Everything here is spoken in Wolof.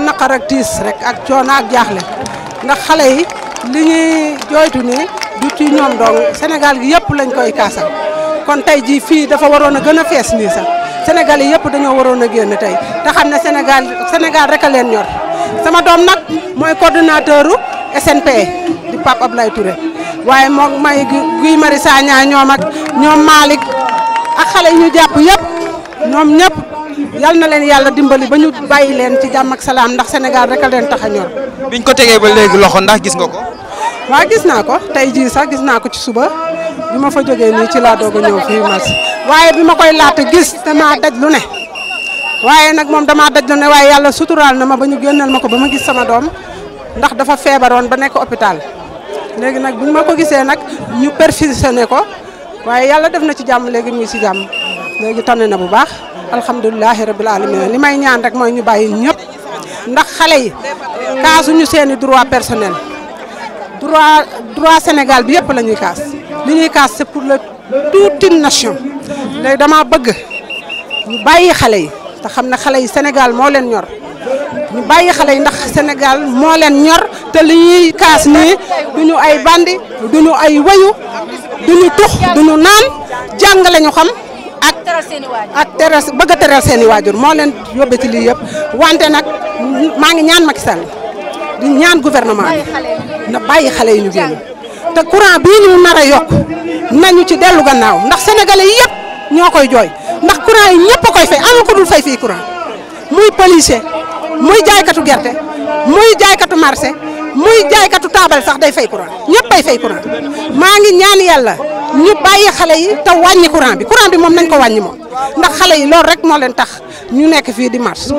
xanaa naqar ak tiis rek ak coono ak jaaxle ndax xale yi li ñuy jooytu ne du ci ñoom dong Sénégal gi yëpp lañ koy kaasal kon tey jii fii dafa waroon a gën a fees nii sax Sénégal yi yëpp dañoo waroon a génn tey te xam ne Sénégal Sénégal rek a leen ñor sama doom nag mooy coordonnateur u SNP di Pape Ablaye Touré waaye moom may Guy Marius Sagna ñoom ak ñoom Malick ak xale yi ñu jàpp yëpp ñoom ñëpp. yalla na len yalla dimbali bañu bayi len ci jam ak salam ndax senegal rek a leen tax ñor. biñ ko tege ba léegi loxo ndax gis nga ko. wa gis naa ko tey jii sax gis naa ko ci suba bima fa joge ni ci la doog ñew fi fii mas waaye bi koy lat gis dama daj lu ne waye nak mom dama daj lu ne waye yalla sutural na ma bañu ñu mako bama gis sama dom ndax dafa febaron ba nek hôpital léegi nak buñ mako ko gisee nag ñu perfusionné ko waye yalla def na ci jàmm léegi ñu ci si jàmm tané na bu baax. alhamdulilahi rabil alamina li may ñaan rek mooy ñu bàyyi ñëpp ndax xale yi kaasuñu seeni droit personnel droit droit Sénégal bi yëpp lañuy kaas li ñuy kaas c'est pour la toute une nation léegi dama bëgg ñu bàyyi xale yi te xam ne xale yi Sénégal moo leen ñor ñu bàyyi xale yi ndax Sénégal moo leen ñor te li ñuy kaas nii duñu ay bandi duñu ay wayu ñu tux ñu naan jàng lañu xam ak teral seen i waajur ak a teral seen i waajur moo leen yóbbee ci lii yëpp wante nag maa ngi ñaan Macky Sall di ñaan gouvernement bi na bàyyi xale yi ñu génn te courant bii ñu nar a yokk nañu ci dellu gannaaw ndax sénégalais yi ñoo koy jooy ndax courant yi ñëpp a koy fay amul ko dul fay fii courant muy policier muy jaaykatu gerte muy jaaykatu marché muy jaaykatu taabal sax day fay courant ñëpp ay fay courant maa ngi ñaan yàlla. ñu bàyyi xale yi te wàññi courant bi courant bi moom nañ ko wàññi moom ndax xale yi loolu rek moo leen tax ñu nekk fii di marche